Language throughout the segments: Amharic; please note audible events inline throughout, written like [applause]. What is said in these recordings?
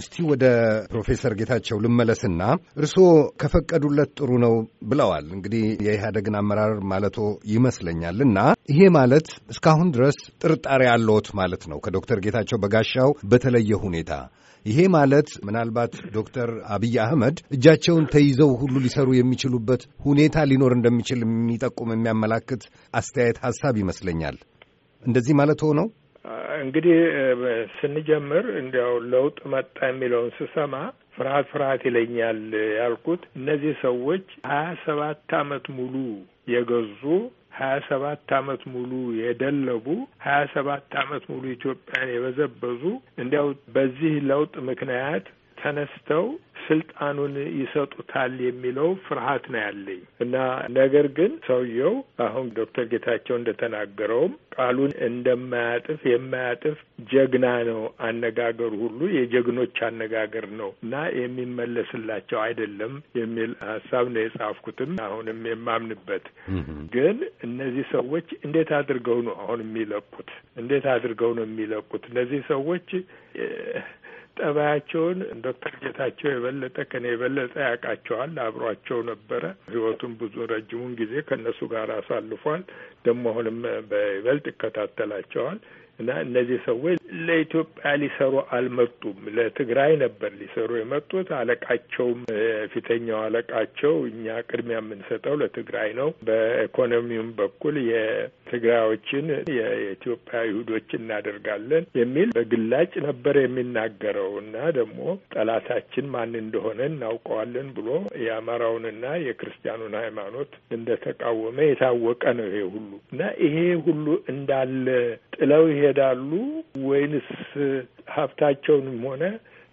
እስቲ ወደ ፕሮፌሰር ጌታቸው ልመለስና እርስዎ ከፈቀዱለት ጥሩ ነው ብለዋል። እንግዲህ የኢህአደግን አመራር ማለቶ ይመስለኛል እና ይሄ ማለት እስካሁን ድረስ ጥርጣሬ አለዎት ማለት ነው ከዶክተር ጌታቸው በጋሻው በተለየ ሁኔታ ይሄ ማለት ምናልባት ዶክተር አብይ አህመድ እጃቸውን ተይዘው ሁሉ ሊሰሩ የሚችሉበት ሁኔታ ሊኖር እንደሚችል የሚጠቁም የሚያመላክት አስተያየት ሀሳብ ይመስለኛል። እንደዚህ ማለት ሆነው እንግዲህ ስንጀምር እንዲያው ለውጥ መጣ የሚለውን ስሰማ ፍርሃት ፍርሃት ይለኛል ያልኩት እነዚህ ሰዎች ሀያ ሰባት አመት ሙሉ የገዙ ሀያ ሰባት አመት ሙሉ የደለቡ ሀያ ሰባት አመት ሙሉ ኢትዮጵያን የበዘበዙ እንዲያው በዚህ ለውጥ ምክንያት ተነስተው ስልጣኑን ይሰጡታል የሚለው ፍርሃት ነው ያለኝ እና ነገር ግን ሰውየው አሁን ዶክተር ጌታቸው እንደተናገረውም ቃሉን እንደማያጥፍ የማያጥፍ ጀግና ነው። አነጋገሩ ሁሉ የጀግኖች አነጋገር ነው እና የሚመለስላቸው አይደለም የሚል ሀሳብ ነው የጻፍኩትም አሁንም የማምንበት። ግን እነዚህ ሰዎች እንዴት አድርገው ነው አሁን የሚለቁት? እንዴት አድርገው ነው የሚለቁት? እነዚህ ሰዎች ጠባያቸውን ዶክተር ጌታቸው የበለጠ ከኔ የበለጠ ያውቃቸዋል። አብሯቸው ነበረ። ህይወቱን ብዙ ረጅሙን ጊዜ ከእነሱ ጋር አሳልፏል። ደግሞ አሁንም በይበልጥ ይከታተላቸዋል። እና እነዚህ ሰዎች ለኢትዮጵያ ሊሰሩ አልመጡም። ለትግራይ ነበር ሊሰሩ የመጡት። አለቃቸውም ፊተኛው አለቃቸው እኛ ቅድሚያ የምንሰጠው ለትግራይ ነው፣ በኢኮኖሚውም በኩል የትግራዮችን የኢትዮጵያ ይሁዶች እናደርጋለን የሚል በግላጭ ነበር የሚናገረው እና ደግሞ ጠላታችን ማን እንደሆነ እናውቀዋለን ብሎ የአማራውንና የክርስቲያኑን ሃይማኖት እንደተቃወመ የታወቀ ነው ይሄ ሁሉ እና ይሄ ሁሉ እንዳለ ጥለው ይሄ ይረዳሉ ወይንስ ሀብታቸውንም ሆነ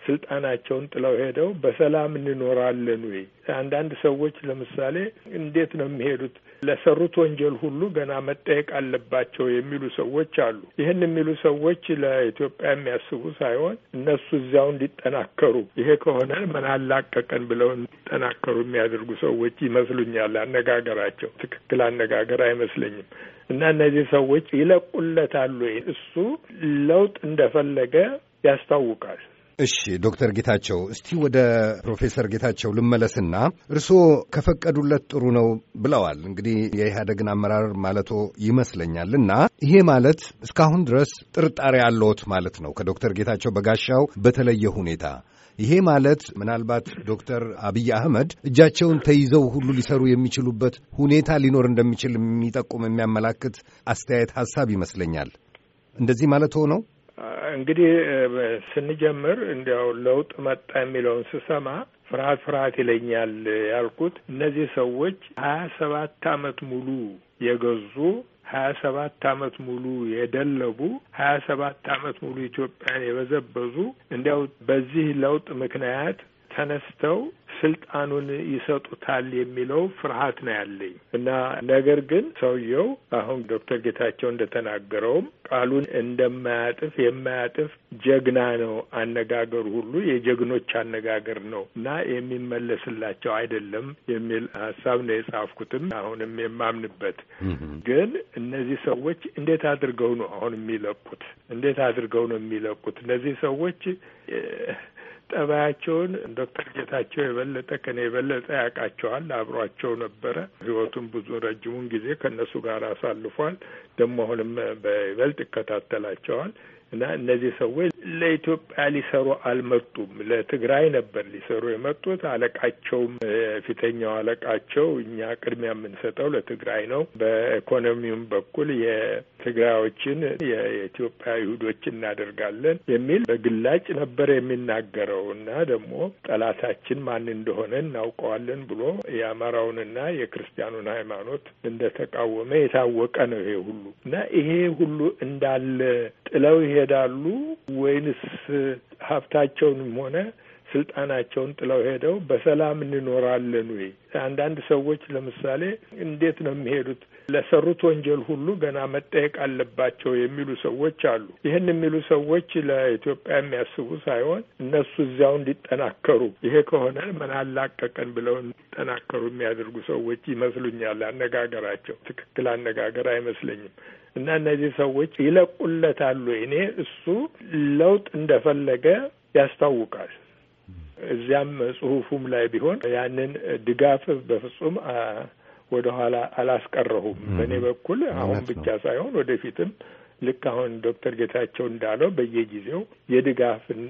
ስልጣናቸውን ጥለው ሄደው በሰላም እንኖራለን ወይ? አንዳንድ ሰዎች ለምሳሌ እንዴት ነው የሚሄዱት? ለሰሩት ወንጀል ሁሉ ገና መጠየቅ አለባቸው የሚሉ ሰዎች አሉ። ይህን የሚሉ ሰዎች ለኢትዮጵያ የሚያስቡ ሳይሆን እነሱ እዚያው እንዲጠናከሩ፣ ይሄ ከሆነ ምን አላቀቀን ብለው እንዲጠናከሩ የሚያደርጉ ሰዎች ይመስሉኛል። አነጋገራቸው ትክክል አነጋገር አይመስለኝም። እና እነዚህ ሰዎች ይለቁለታሉ። እሱ ለውጥ እንደፈለገ ያስታውቃል። እሺ ዶክተር ጌታቸው እስቲ ወደ ፕሮፌሰር ጌታቸው ልመለስና እርስዎ ከፈቀዱለት ጥሩ ነው ብለዋል። እንግዲህ የኢህአደግን አመራር ማለቶ ይመስለኛል እና ይሄ ማለት እስካሁን ድረስ ጥርጣሬ አለዎት ማለት ነው ከዶክተር ጌታቸው በጋሻው በተለየ ሁኔታ ይሄ ማለት ምናልባት ዶክተር አብይ አህመድ እጃቸውን ተይዘው ሁሉ ሊሰሩ የሚችሉበት ሁኔታ ሊኖር እንደሚችል የሚጠቁም የሚያመላክት አስተያየት ሀሳብ ይመስለኛል። እንደዚህ ማለት ሆነው እንግዲህ ስንጀምር እንዲያው ለውጥ መጣ የሚለውን ስሰማ ፍርሃት ፍርሃት ይለኛል ያልኩት እነዚህ ሰዎች ሀያ ሰባት አመት ሙሉ የገዙ ሀያ ሰባት አመት ሙሉ የደለቡ ሀያ ሰባት አመት ሙሉ ኢትዮጵያን የበዘበዙ እንዲያው በዚህ ለውጥ ምክንያት ተነስተው ስልጣኑን ይሰጡታል የሚለው ፍርሃት ነው ያለኝ እና ነገር ግን ሰውየው አሁን ዶክተር ጌታቸው እንደተናገረውም ቃሉን እንደማያጥፍ የማያጥፍ ጀግና ነው። አነጋገሩ ሁሉ የጀግኖች አነጋገር ነው እና የሚመለስላቸው አይደለም የሚል ሀሳብ ነው የጻፍኩትም አሁንም የማምንበት። ግን እነዚህ ሰዎች እንዴት አድርገው ነው አሁን የሚለቁት? እንዴት አድርገው ነው የሚለቁት? እነዚህ ሰዎች ጠባያቸውን ዶክተር ጌታቸው የበለጠ ከኔ የበለጠ ያውቃቸዋል። አብሯቸው ነበረ። ህይወቱን ብዙ ረጅሙን ጊዜ ከእነሱ ጋር አሳልፏል። ደግሞ አሁንም በይበልጥ ይከታተላቸዋል እና እነዚህ ሰዎች ለኢትዮጵያ ሊሰሩ አልመጡም። ለትግራይ ነበር ሊሰሩ የመጡት። አለቃቸውም የፊተኛው አለቃቸው እኛ ቅድሚያ የምንሰጠው ለትግራይ ነው፣ በኢኮኖሚውም በኩል የትግራዮችን የኢትዮጵያ ይሁዶች እናደርጋለን የሚል በግላጭ ነበር የሚናገረው እና ደግሞ ጠላታችን ማን እንደሆነ እናውቀዋለን ብሎ የአማራውንና የክርስቲያኑን ሃይማኖት እንደተቃወመ የታወቀ ነው ይሄ ሁሉ እና ይሄ ሁሉ እንዳለ ጥለው ይሄዳሉ። ወይንስ ሀብታቸውንም ሆነ ስልጣናቸውን ጥለው ሄደው በሰላም እንኖራለን ወይ? አንዳንድ ሰዎች ለምሳሌ እንዴት ነው የሚሄዱት? ለሰሩት ወንጀል ሁሉ ገና መጠየቅ አለባቸው የሚሉ ሰዎች አሉ። ይህን የሚሉ ሰዎች ለኢትዮጵያ የሚያስቡ ሳይሆን እነሱ እዚያው እንዲጠናከሩ፣ ይሄ ከሆነ ምን አላቀቀን ብለው እንዲጠናከሩ የሚያደርጉ ሰዎች ይመስሉኛል። አነጋገራቸው ትክክል አነጋገር አይመስለኝም። እና እነዚህ ሰዎች ይለቁለታሉ። እኔ እሱ ለውጥ እንደፈለገ ያስታውቃል። እዚያም ጽሁፉም ላይ ቢሆን ያንን ድጋፍ በፍጹም ወደኋላ አላስቀረሁም። በእኔ በኩል አሁን ብቻ ሳይሆን ወደፊትም ልክ አሁን ዶክተር ጌታቸው እንዳለው በየጊዜው የድጋፍን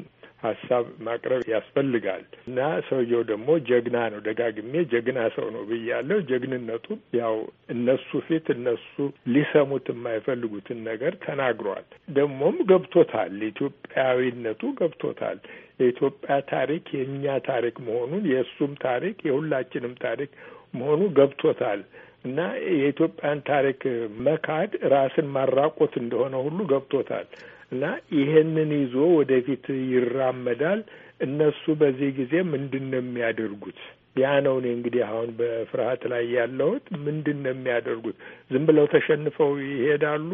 ሀሳብ ማቅረብ ያስፈልጋል እና ሰውየው ደግሞ ጀግና ነው። ደጋግሜ ጀግና ሰው ነው ብያለሁ። ጀግንነቱ ያው እነሱ ፊት እነሱ ሊሰሙት የማይፈልጉትን ነገር ተናግሯል። ደግሞም ገብቶታል። ኢትዮጵያዊነቱ ገብቶታል። የኢትዮጵያ ታሪክ የእኛ ታሪክ መሆኑን የእሱም ታሪክ የሁላችንም ታሪክ መሆኑ ገብቶታል እና የኢትዮጵያን ታሪክ መካድ ራስን ማራቆት እንደሆነ ሁሉ ገብቶታል። እና ይሄንን ይዞ ወደፊት ይራመዳል። እነሱ በዚህ ጊዜ ምንድን ነው የሚያደርጉት? ያ ነው እኔ እንግዲህ አሁን በፍርሀት ላይ ያለሁት። ምንድን ነው የሚያደርጉት? ዝም ብለው ተሸንፈው ይሄዳሉ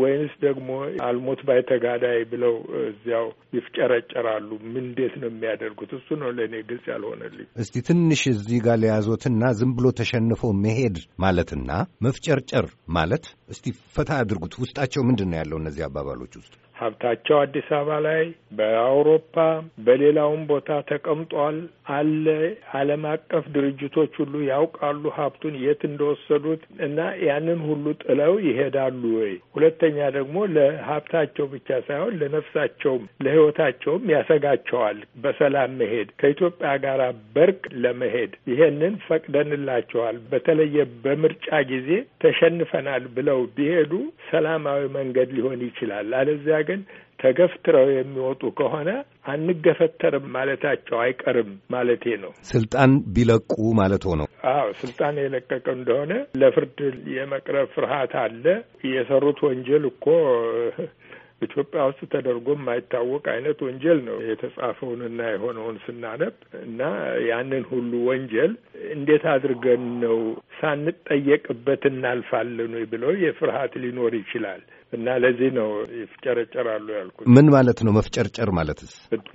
ወይንስ ደግሞ አልሞት ባይ ተጋዳይ ብለው እዚያው ይፍጨረጨራሉ? ምን እንዴት ነው የሚያደርጉት? እሱ ነው ለእኔ ግልጽ ያልሆነልኝ። እስቲ ትንሽ እዚህ ጋር ለያዞትና ዝም ብሎ ተሸንፎ መሄድ ማለትና መፍጨርጨር ማለት እስቲ ፈታ አድርጉት። ውስጣቸው ምንድን ነው ያለው እነዚህ አባባሎች ውስጥ ሀብታቸው አዲስ አበባ ላይ በአውሮፓ በሌላውም ቦታ ተቀምጧል አለ። ዓለም አቀፍ ድርጅቶች ሁሉ ያውቃሉ ሀብቱን የት እንደወሰዱት እና ያንን ሁሉ ጥለው ይሄዳሉ ወይ? ሁለተኛ ደግሞ ለሀብታቸው ብቻ ሳይሆን ለነፍሳቸውም ለሕይወታቸውም ያሰጋቸዋል በሰላም መሄድ ከኢትዮጵያ ጋር በርቅ ለመሄድ ይሄንን ፈቅደንላቸዋል። በተለየ በምርጫ ጊዜ ተሸንፈናል ብለው ቢሄዱ ሰላማዊ መንገድ ሊሆን ይችላል አለዚያ ግን ተገፍትረው የሚወጡ ከሆነ አንገፈተርም ማለታቸው አይቀርም ማለቴ ነው። ስልጣን ቢለቁ ማለት ነው። አዎ ስልጣን የለቀቀ እንደሆነ ለፍርድ የመቅረብ ፍርሃት አለ። የሰሩት ወንጀል እኮ ኢትዮጵያ ውስጥ ተደርጎ የማይታወቅ አይነት ወንጀል ነው የተጻፈውንና የሆነውን ስናነብ እና ያንን ሁሉ ወንጀል እንዴት አድርገን ነው ሳንጠየቅበት እናልፋለን ብለው የፍርሃት ሊኖር ይችላል። እና ለዚህ ነው ይፍጨረጨራሉ ያልኩት። ምን ማለት ነው መፍጨርጨር ማለትስ?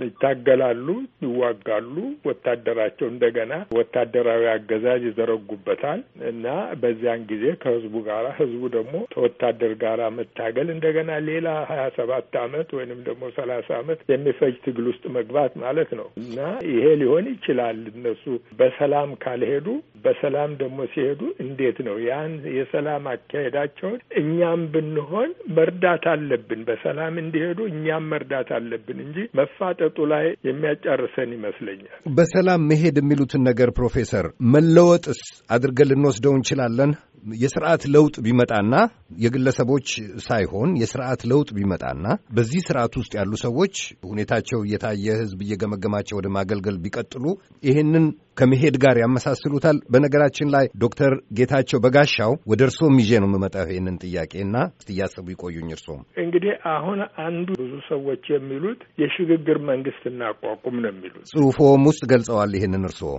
ይታገላሉ፣ ይዋጋሉ። ወታደራቸው እንደገና ወታደራዊ አገዛዝ ይዘረጉበታል እና በዚያን ጊዜ ከህዝቡ ጋራ ህዝቡ ደግሞ ከወታደር ጋራ መታገል እንደገና ሌላ ሀያ ሰባት አመት ወይንም ደግሞ ሰላሳ አመት የሚፈጅ ትግል ውስጥ መግባት ማለት ነው እና ይሄ ሊሆን ይችላል እነሱ በሰላም ካልሄዱ በሰላም ደግሞ ሲሄዱ እንዴት ነው ያን የሰላም አካሄዳቸውን እኛም ብንሆን መርዳት አለብን። በሰላም እንዲሄዱ እኛም መርዳት አለብን እንጂ መፋጠጡ ላይ የሚያጫርሰን ይመስለኛል። በሰላም መሄድ የሚሉትን ነገር ፕሮፌሰር መለወጥስ አድርገን ልንወስደው እንችላለን። የስርዓት ለውጥ ቢመጣና የግለሰቦች ሳይሆን የስርዓት ለውጥ ቢመጣና በዚህ ስርዓት ውስጥ ያሉ ሰዎች ሁኔታቸው እየታየ ህዝብ እየገመገማቸው ወደ ማገልገል ቢቀጥሉ ይህንን ከመሄድ ጋር ያመሳስሉታል። በነገራችን ላይ ዶክተር ጌታቸው በጋሻው ወደ እርስዎም ይዤ ነው የምመጣው ይህንን ጥያቄ እና እያሰቡ ይቆዩኝ። እርስዎም እንግዲህ አሁን አንዱ ብዙ ሰዎች የሚሉት የሽግግር መንግስት እናቋቁም ነው የሚሉት ጽሁፎም ውስጥ ገልጸዋል። ይህንን እርስዎ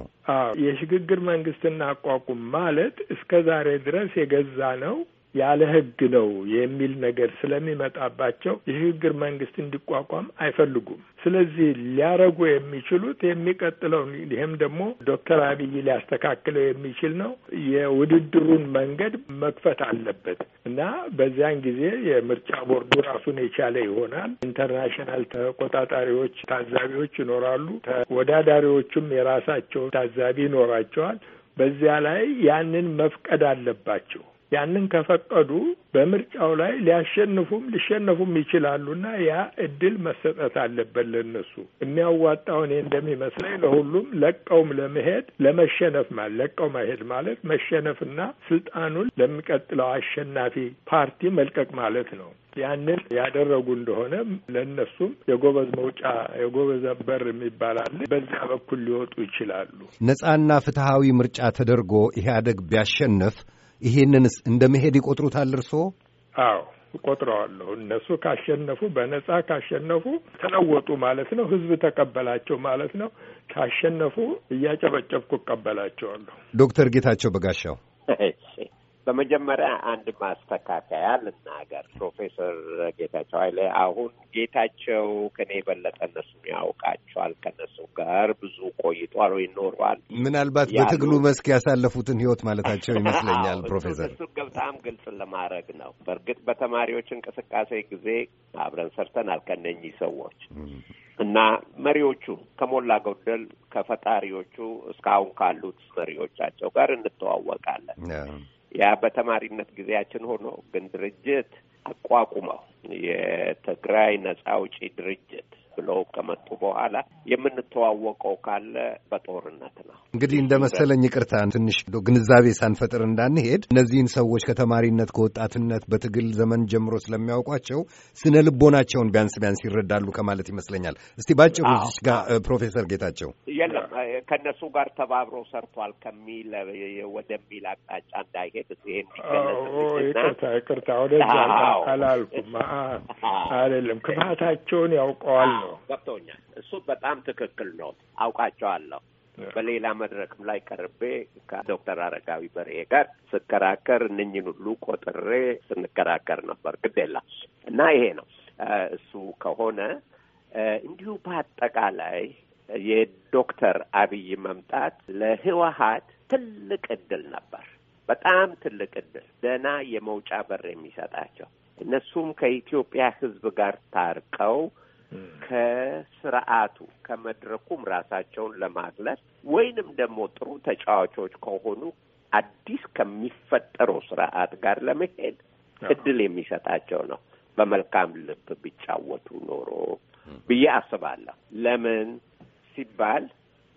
የሽግግር መንግስት እናቋቁም ማለት እስከ ዛሬ ድረስ የገዛ ነው ያለ ህግ ነው የሚል ነገር ስለሚመጣባቸው የሽግግር መንግስት እንዲቋቋም አይፈልጉም። ስለዚህ ሊያረጉ የሚችሉት የሚቀጥለው ይህም ደግሞ ዶክተር አብይ ሊያስተካክለው የሚችል ነው። የውድድሩን መንገድ መክፈት አለበት እና በዚያን ጊዜ የምርጫ ቦርዱ ራሱን የቻለ ይሆናል። ኢንተርናሽናል ተቆጣጣሪዎች፣ ታዛቢዎች ይኖራሉ። ተወዳዳሪዎቹም የራሳቸው ታዛቢ ይኖራቸዋል። በዚያ ላይ ያንን መፍቀድ አለባቸው። ያንን ከፈቀዱ በምርጫው ላይ ሊያሸንፉም ሊሸነፉም ይችላሉና ያ እድል መሰጠት አለበት ለነሱ የሚያዋጣው እኔ እንደሚመስለኝ ለሁሉም ለቀውም ለመሄድ ለመሸነፍ ማለት ለቀው መሄድ ማለት መሸነፍና ስልጣኑን ለሚቀጥለው አሸናፊ ፓርቲ መልቀቅ ማለት ነው። ያንን ያደረጉ እንደሆነ ለእነሱም የጎበዝ መውጫ የጎበዝ በር የሚባል አለ። በዚያ በኩል ሊወጡ ይችላሉ። ነጻና ፍትሐዊ ምርጫ ተደርጎ ኢህአደግ ቢያሸንፍ ይሄንንስ እንደ መሄድ ይቆጥሩታል እርስዎ? አዎ ቆጥረዋለሁ። እነሱ ካሸነፉ በነጻ ካሸነፉ ተለወጡ ማለት ነው። ህዝብ ተቀበላቸው ማለት ነው። ካሸነፉ እያጨበጨብኩ እቀበላቸዋለሁ። ዶክተር ጌታቸው በጋሻው በመጀመሪያ አንድ ማስተካከያ ልናገር። ፕሮፌሰር ጌታቸው ኃይሌ አሁን ጌታቸው ከኔ የበለጠ እነሱን ያውቃቸዋል። ከነሱ ጋር ብዙ ቆይቷል ወይ ኖሯል። ምናልባት በትግሉ መስክ ያሳለፉትን ህይወት ማለታቸው ይመስለኛል። ፕሮፌሰር እሱ ገብታም ግልጽ ለማድረግ ነው። በእርግጥ በተማሪዎች እንቅስቃሴ ጊዜ አብረን ሰርተናል ከነኚህ ሰዎች እና መሪዎቹ ከሞላ ጎደል ከፈጣሪዎቹ እስካሁን ካሉት መሪዎቻቸው ጋር እንተዋወቃለን ያ በተማሪነት ጊዜያችን ሆኖ ግን ድርጅት አቋቁመው የትግራይ ነጻ አውጪ ድርጅት ብለው ከመጡ በኋላ የምንተዋወቀው ካለ በጦርነት ነው። እንግዲህ እንደ መሰለኝ ይቅርታ፣ ትንሽ ግንዛቤ ሳንፈጥር እንዳንሄድ እነዚህን ሰዎች ከተማሪነት ከወጣትነት በትግል ዘመን ጀምሮ ስለሚያውቋቸው ስነ ልቦናቸውን ቢያንስ ቢያንስ ይረዳሉ ከማለት ይመስለኛል። እስቲ ባጭሩ ጋር ፕሮፌሰር ጌታቸው የለም ከእነሱ ጋር ተባብሮ ሰርቷል ከሚል ወደሚል አቅጣጫ እንዳይሄድ ይሄን ይቅርታ ይቅርታ፣ ወደዛ አላልኩም። [laughs] አይደለም ክፋታቸውን ያውቀዋል ነው ገብቶኛል። እሱ በጣም ትክክል ነው። አውቃቸዋለሁ። በሌላ መድረክም ላይ ቀርቤ ከዶክተር አረጋዊ በርሄ ጋር ስከራከር እነኝን ሁሉ ቆጥሬ ስንከራከር ነበር። ግዴላ እና ይሄ ነው እሱ ከሆነ እንዲሁ በአጠቃላይ የዶክተር አብይ መምጣት ለህወሀት ትልቅ እድል ነበር። በጣም ትልቅ እድል፣ ደህና የመውጫ በር የሚሰጣቸው እነሱም ከኢትዮጵያ ህዝብ ጋር ታርቀው ከስርዓቱ ከመድረኩም ራሳቸውን ለማግለል ወይንም ደግሞ ጥሩ ተጫዋቾች ከሆኑ አዲስ ከሚፈጠረው ስርዓት ጋር ለመሄድ እድል የሚሰጣቸው ነው። በመልካም ልብ ቢጫወቱ ኖሮ ብዬ አስባለሁ። ለምን ሲባል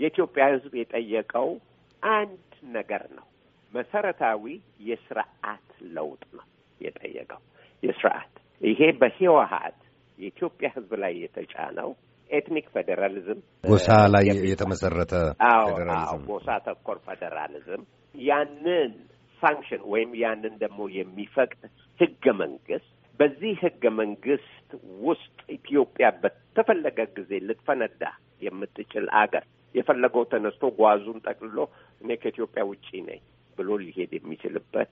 የኢትዮጵያ ሕዝብ የጠየቀው አንድ ነገር ነው። መሰረታዊ የስርዓት ለውጥ ነው የጠየቀው። የስርዓት ይሄ በህወሀት የኢትዮጵያ ሕዝብ ላይ የተጫነው ኤትኒክ ፌዴራሊዝም ጎሳ ላይ የተመሰረተ ፌዴራሊዝም፣ ጎሳ ተኮር ፌዴራሊዝም ያንን ሳንክሽን ወይም ያንን ደግሞ የሚፈቅድ ህገ መንግስት በዚህ ህገ መንግስት ውስጥ ኢትዮጵያ በተፈለገ ጊዜ ልትፈነዳ የምትችል አገር የፈለገው ተነስቶ ጓዙን ጠቅልሎ እኔ ከኢትዮጵያ ውጪ ነኝ ብሎ ሊሄድ የሚችልበት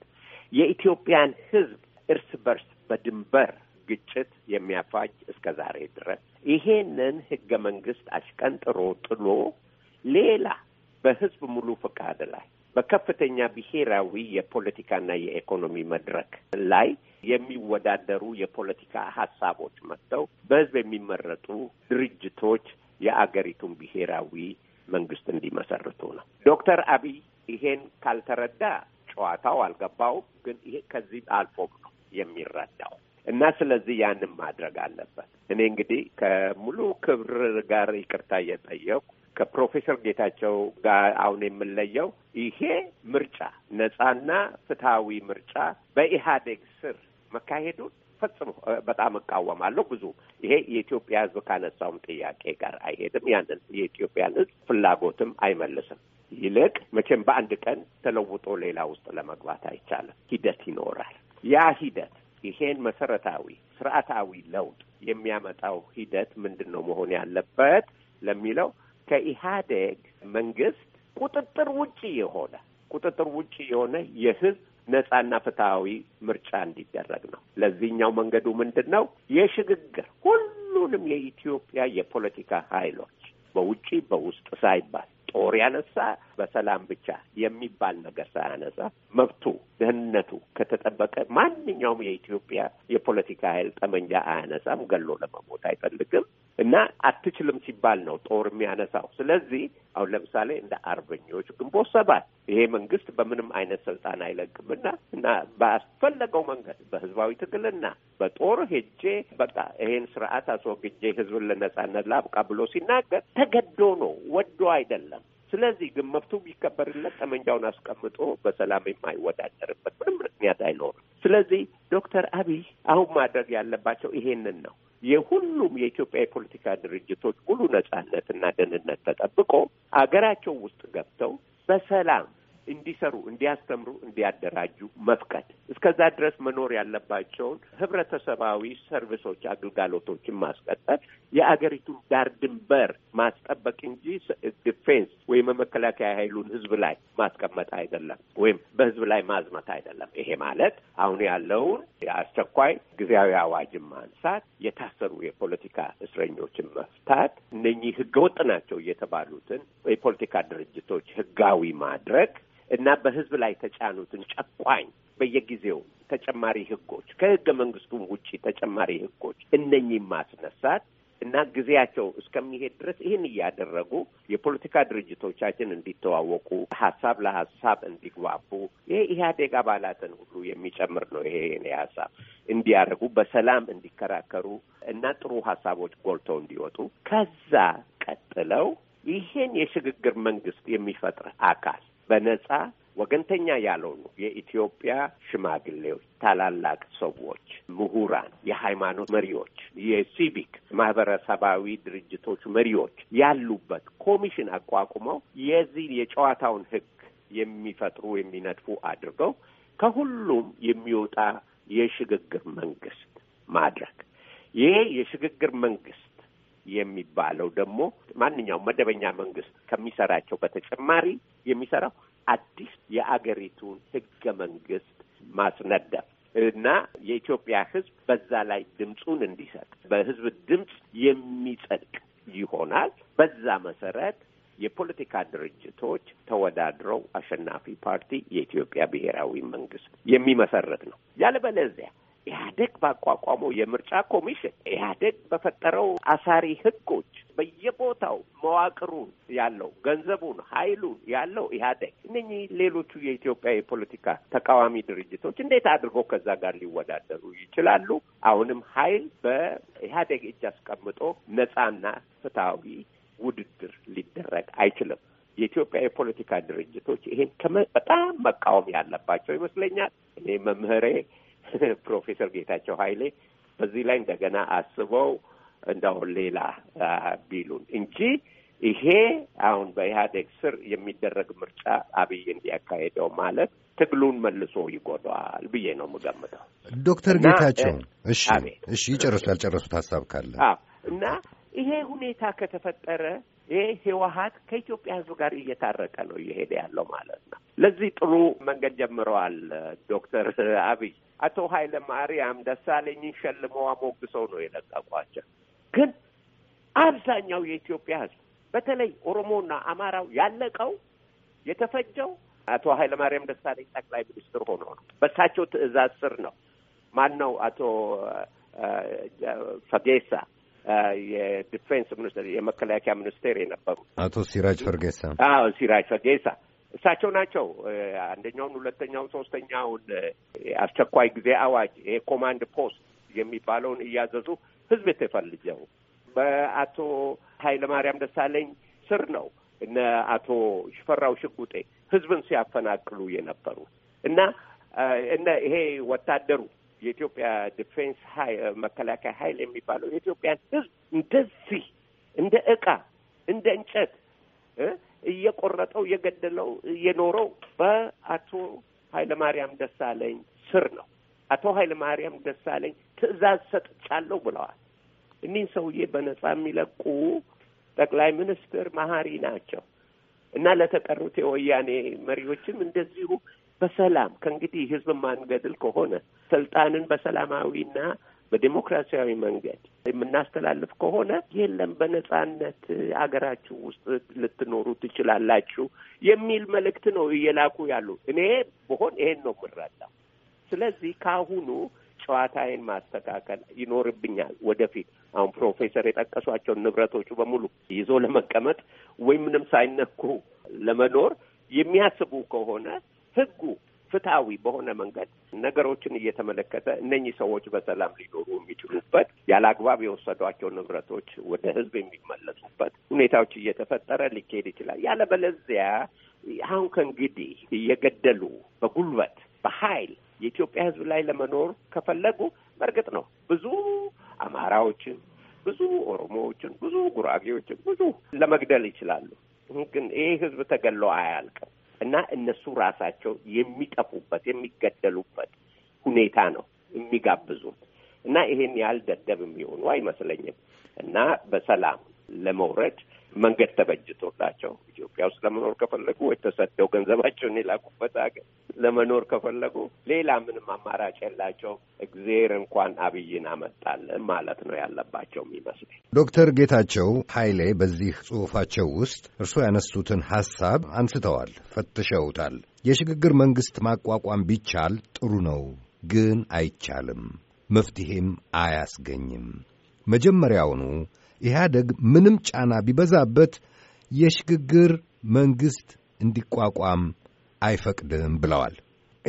የኢትዮጵያን ህዝብ እርስ በርስ በድንበር ግጭት የሚያፋጅ እስከ ዛሬ ድረስ ይሄንን ህገ መንግስት አሽቀንጥሮ ጥሎ ሌላ በህዝብ ሙሉ ፈቃድ ላይ በከፍተኛ ብሔራዊ የፖለቲካና የኢኮኖሚ መድረክ ላይ የሚወዳደሩ የፖለቲካ ሀሳቦች መጥተው በህዝብ የሚመረጡ ድርጅቶች የአገሪቱን ብሔራዊ መንግስት እንዲመሰርቱ ነው። ዶክተር አብይ ይሄን ካልተረዳ ጨዋታው አልገባውም። ግን ይሄ ከዚህ አልፎም ነው የሚረዳው። እና ስለዚህ ያንን ማድረግ አለበት። እኔ እንግዲህ ከሙሉ ክብር ጋር ይቅርታ እየጠየኩ ከፕሮፌሰር ጌታቸው ጋር አሁን የምለየው ይሄ ምርጫ ነጻና ፍትሐዊ ምርጫ በኢህአዴግ ስር መካሄዱን ፈጽሞ በጣም እቃወማለሁ። ብዙ ይሄ የኢትዮጵያ ሕዝብ ካነሳውም ጥያቄ ጋር አይሄድም። ያንን የኢትዮጵያን ሕዝብ ፍላጎትም አይመልስም። ይልቅ መቼም በአንድ ቀን ተለውጦ ሌላ ውስጥ ለመግባት አይቻልም። ሂደት ይኖራል። ያ ሂደት ይሄን መሰረታዊ ስርዓታዊ ለውጥ የሚያመጣው ሂደት ምንድን ነው መሆን ያለበት ለሚለው ከኢህአዴግ መንግስት ቁጥጥር ውጪ የሆነ ቁጥጥር ውጪ የሆነ የህዝብ ነጻና ፍትሐዊ ምርጫ እንዲደረግ ነው። ለዚህኛው መንገዱ ምንድን ነው? የሽግግር ሁሉንም የኢትዮጵያ የፖለቲካ ኃይሎች በውጪ በውስጥ ሳይባል ጦር ያነሳ በሰላም ብቻ የሚባል ነገር ሳያነሳ መብቱ፣ ደህንነቱ ከተጠበቀ ማንኛውም የኢትዮጵያ የፖለቲካ ኃይል ጠመንጃ አያነሳም፣ ገሎ ለመሞት አይፈልግም እና አትችልም ሲባል ነው ጦር የሚያነሳው። ስለዚህ አሁን ለምሳሌ እንደ አርበኞች ግንቦት ሰባት ይሄ መንግስት በምንም አይነት ስልጣን አይለቅምና እና ባስፈለገው መንገድ በህዝባዊ ትግልና በጦር ሄጄ በቃ ይሄን ስርዓት አስወግጄ ህዝብን ለነጻነት ላብቃ ብሎ ሲናገር ተገዶ ነው ወዶ አይደለም። ስለዚህ ግን መብቱ ቢከበርለት ጠመንጃውን አስቀምጦ በሰላም የማይወዳደርበት ምንም ምክንያት አይኖርም። ስለዚህ ዶክተር አብይ አሁን ማድረግ ያለባቸው ይሄንን ነው። የሁሉም የኢትዮጵያ የፖለቲካ ድርጅቶች ሙሉ ነጻነትና ደህንነት ተጠብቆ አገራቸው ውስጥ ገብተው በሰላም እንዲሰሩ፣ እንዲያስተምሩ፣ እንዲያደራጁ መፍቀድ እስከዛ ድረስ መኖር ያለባቸውን ህብረተሰባዊ ሰርቪሶች፣ አገልጋሎቶችን ማስቀጠል የአገሪቱን ዳር ድንበር ማስጠበቅ እንጂ ዲፌንስ ወይም የመከላከያ ኃይሉን ህዝብ ላይ ማስቀመጥ አይደለም፣ ወይም በህዝብ ላይ ማዝመት አይደለም። ይሄ ማለት አሁን ያለውን የአስቸኳይ ጊዜያዊ አዋጅን ማንሳት፣ የታሰሩ የፖለቲካ እስረኞችን መፍታት፣ እነኚህ ህገወጥ ናቸው የተባሉትን የፖለቲካ ድርጅቶች ህጋዊ ማድረግ እና በህዝብ ላይ ተጫኑትን ጨቋኝ በየጊዜው ተጨማሪ ህጎች ከህገ መንግስቱም ውጪ ተጨማሪ ህጎች እነኚህ ማስነሳት እና ጊዜያቸው እስከሚሄድ ድረስ ይህን እያደረጉ የፖለቲካ ድርጅቶቻችን እንዲተዋወቁ ሀሳብ ለሀሳብ እንዲግባቡ ይሄ ኢህአዴግ አባላትን ሁሉ የሚጨምር ነው። ይሄ የእኔ ሀሳብ እንዲያደርጉ በሰላም እንዲከራከሩ እና ጥሩ ሀሳቦች ጎልተው እንዲወጡ ከዛ ቀጥለው ይህን የሽግግር መንግስት የሚፈጥር አካል በነጻ ወገንተኛ ያልሆኑ የኢትዮጵያ ሽማግሌዎች፣ ታላላቅ ሰዎች፣ ምሁራን፣ የሃይማኖት መሪዎች፣ የሲቪክ ማህበረሰባዊ ድርጅቶች መሪዎች ያሉበት ኮሚሽን አቋቁመው የዚህ የጨዋታውን ህግ የሚፈጥሩ የሚነድፉ አድርገው ከሁሉም የሚወጣ የሽግግር መንግስት ማድረግ ይሄ የሽግግር መንግስት የሚባለው ደግሞ ማንኛውም መደበኛ መንግስት ከሚሰራቸው በተጨማሪ የሚሰራው አዲስ የአገሪቱን ህገ መንግስት ማስነደፍ እና የኢትዮጵያ ህዝብ በዛ ላይ ድምፁን እንዲሰጥ በህዝብ ድምፅ የሚጸድቅ ይሆናል። በዛ መሰረት የፖለቲካ ድርጅቶች ተወዳድረው አሸናፊ ፓርቲ የኢትዮጵያ ብሔራዊ መንግስት የሚመሰረት ነው። ያለበለዚያ ኢህአዴግ ባቋቋመው የምርጫ ኮሚሽን ኢህአዴግ በፈጠረው አሳሪ ህጎች በየቦታው መዋቅሩ ያለው ገንዘቡን ኃይሉን ያለው ኢህአዴግ እነኚህ ሌሎቹ የኢትዮጵያ የፖለቲካ ተቃዋሚ ድርጅቶች እንዴት አድርጎ ከዛ ጋር ሊወዳደሩ ይችላሉ? አሁንም ኃይል በኢህአዴግ እጅ አስቀምጦ ነጻና ፍትሐዊ ውድድር ሊደረግ አይችልም። የኢትዮጵያ የፖለቲካ ድርጅቶች ይሄን በጣም መቃወም ያለባቸው ይመስለኛል። እኔ መምህሬ [laughs] ፕሮፌሰር ጌታቸው ኃይሌ በዚህ ላይ እንደገና አስበው እንደው ሌላ ቢሉን እንጂ ይሄ አሁን በኢህአዴግ ስር የሚደረግ ምርጫ አብይ እንዲያካሄደው ማለት ትግሉን መልሶ ይጎዳዋል ብዬ ነው የምገምተው። ዶክተር ጌታቸው እሺ፣ እሺ ይጨርሱ። ያልጨረሱት ሀሳብ ካለ እና ይሄ ሁኔታ ከተፈጠረ ይሄ ህወሀት ከኢትዮጵያ ህዝብ ጋር እየታረቀ ነው እየሄደ ያለው ማለት ነው። ለዚህ ጥሩ መንገድ ጀምረዋል ዶክተር አብይ አቶ ኃይለ ማርያም ደሳለኝን ሸልመው አሞግሰው ነው የለቀቋቸው። ግን አብዛኛው የኢትዮጵያ ህዝብ በተለይ ኦሮሞና አማራው ያለቀው የተፈጀው አቶ ኃይለ ማርያም ደሳለኝ ጠቅላይ ሚኒስትር ሆኖ ነው። በእሳቸው ትዕዛዝ ስር ነው። ማን ነው አቶ ፈጌሳ የዲፌንስ ሚኒስትር የመከላከያ ሚኒስቴር የነበሩ አቶ ሲራጅ ፈርጌሳ አዎ ሲራጅ ፈርጌሳ እሳቸው ናቸው አንደኛውን፣ ሁለተኛውን፣ ሶስተኛውን አስቸኳይ ጊዜ አዋጅ የኮማንድ ፖስት የሚባለውን እያዘዙ ህዝብ የተፈልጀው በአቶ ኃይለማርያም ደሳለኝ ስር ነው እነ አቶ ሽፈራው ሽጉጤ ህዝብን ሲያፈናቅሉ የነበሩ እና እነ ይሄ ወታደሩ የኢትዮጵያ ዲፌንስ ሀይ መከላከያ ኃይል የሚባለው የኢትዮጵያን ህዝብ እንደዚህ እንደ እቃ እንደ እንጨት እየቆረጠው እየገደለው እየኖረው በአቶ ኃይለማርያም ደሳለኝ ስር ነው። አቶ ኃይለማርያም ደሳለኝ ትዕዛዝ ሰጥቻለሁ ብለዋል። እኒህ ሰውዬ በነጻ የሚለቁ ጠቅላይ ሚኒስትር መሀሪ ናቸው እና ለተቀሩት የወያኔ መሪዎችም እንደዚሁ በሰላም ከእንግዲህ ህዝብ ማንገድል ከሆነ ስልጣንን በሰላማዊና በዲሞክራሲያዊ መንገድ የምናስተላልፍ ከሆነ የለም በነጻነት አገራችሁ ውስጥ ልትኖሩ ትችላላችሁ የሚል መልእክት ነው እየላኩ ያሉ። እኔ ብሆን ይሄን ነው የምረዳው። ስለዚህ ከአሁኑ ጨዋታዬን ማስተካከል ይኖርብኛል። ወደፊት አሁን ፕሮፌሰር የጠቀሷቸውን ንብረቶቹ በሙሉ ይዞ ለመቀመጥ ወይም ምንም ሳይነኩ ለመኖር የሚያስቡ ከሆነ ህጉ ፍትሐዊ በሆነ መንገድ ነገሮችን እየተመለከተ እነኚህ ሰዎች በሰላም ሊኖሩ የሚችሉበት ያለ አግባብ የወሰዷቸው ንብረቶች ወደ ህዝብ የሚመለሱበት ሁኔታዎች እየተፈጠረ ሊካሄድ ይችላል። ያለበለዚያ አሁን ከእንግዲህ እየገደሉ በጉልበት በኃይል የኢትዮጵያ ህዝብ ላይ ለመኖር ከፈለጉ በእርግጥ ነው ብዙ አማራዎችን፣ ብዙ ኦሮሞዎችን፣ ብዙ ጉራጌዎችን ብዙ ለመግደል ይችላሉ። ግን ይህ ህዝብ ተገሎ አያልቅም። እና እነሱ ራሳቸው የሚጠፉበት የሚገደሉበት ሁኔታ ነው የሚጋብዙት እና ይሄን ያህል ደደብ የሚሆኑ አይመስለኝም እና በሰላም ለመውረድ መንገድ ተበጅቶላቸው ኢትዮጵያ ውስጥ ለመኖር ከፈለጉ ወይ ተሰደው ገንዘባቸውን የላኩበት ሀገር ለመኖር ከፈለጉ ሌላ ምንም አማራጭ የላቸው። እግዜር እንኳን አብይን አመጣልን ማለት ነው ያለባቸው የሚመስለኝ። ዶክተር ጌታቸው ኃይሌ በዚህ ጽሁፋቸው ውስጥ እርስዎ ያነሱትን ሀሳብ አንስተዋል፣ ፈትሸውታል። የሽግግር መንግስት ማቋቋም ቢቻል ጥሩ ነው፣ ግን አይቻልም፣ መፍትሄም አያስገኝም። መጀመሪያውኑ ኢህአደግ ምንም ጫና ቢበዛበት የሽግግር መንግሥት እንዲቋቋም አይፈቅድም ብለዋል።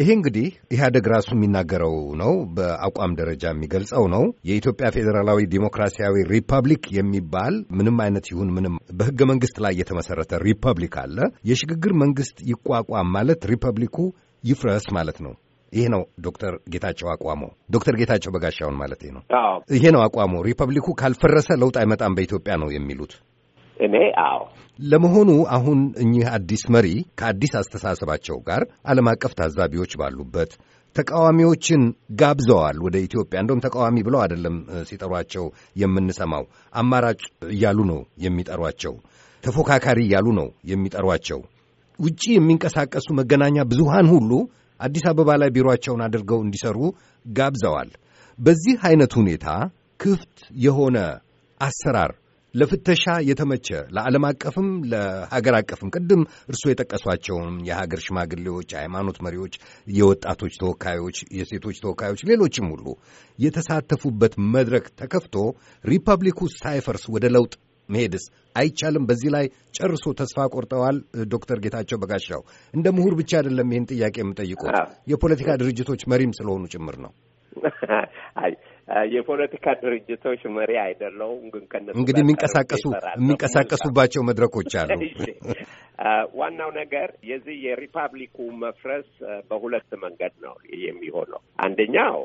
ይሄ እንግዲህ ኢህአደግ ራሱ የሚናገረው ነው፣ በአቋም ደረጃ የሚገልጸው ነው። የኢትዮጵያ ፌዴራላዊ ዲሞክራሲያዊ ሪፐብሊክ የሚባል ምንም አይነት ይሁን ምንም በሕገ መንግሥት ላይ የተመሠረተ ሪፐብሊክ አለ። የሽግግር መንግሥት ይቋቋም ማለት ሪፐብሊኩ ይፍረስ ማለት ነው። ይሄ ነው ዶክተር ጌታቸው አቋሞ። ዶክተር ጌታቸው በጋሻውን ማለት ነው። ይሄ ነው አቋሞ ሪፐብሊኩ ካልፈረሰ ለውጥ አይመጣም በኢትዮጵያ ነው የሚሉት። እኔ አዎ። ለመሆኑ አሁን እኚህ አዲስ መሪ ከአዲስ አስተሳሰባቸው ጋር ዓለም አቀፍ ታዛቢዎች ባሉበት ተቃዋሚዎችን ጋብዘዋል ወደ ኢትዮጵያ። እንደውም ተቃዋሚ ብለው አይደለም ሲጠሯቸው የምንሰማው፣ አማራጭ እያሉ ነው የሚጠሯቸው፣ ተፎካካሪ እያሉ ነው የሚጠሯቸው። ውጪ የሚንቀሳቀሱ መገናኛ ብዙሃን ሁሉ አዲስ አበባ ላይ ቢሮአቸውን አድርገው እንዲሰሩ ጋብዘዋል። በዚህ አይነት ሁኔታ ክፍት የሆነ አሰራር ለፍተሻ የተመቸ ለዓለም አቀፍም ለሀገር አቀፍም ቅድም እርሶ የጠቀሷቸውን የሀገር ሽማግሌዎች፣ የሃይማኖት መሪዎች፣ የወጣቶች ተወካዮች፣ የሴቶች ተወካዮች፣ ሌሎችም ሁሉ የተሳተፉበት መድረክ ተከፍቶ ሪፐብሊኩ ሳይፈርስ ወደ ለውጥ መሄድስ አይቻልም? በዚህ ላይ ጨርሶ ተስፋ ቆርጠዋል ዶክተር ጌታቸው በጋሻው። እንደ ምሁር ብቻ አይደለም ይህን ጥያቄ የምጠይቁ የፖለቲካ ድርጅቶች መሪም ስለሆኑ ጭምር ነው። የፖለቲካ ድርጅቶች መሪ አይደለሁም፣ ግን ከነሱ እንግዲህ የሚንቀሳቀሱ የሚንቀሳቀሱባቸው መድረኮች አሉ። ዋናው ነገር የዚህ የሪፐብሊኩ መፍረስ በሁለት መንገድ ነው የሚሆነው። አንደኛው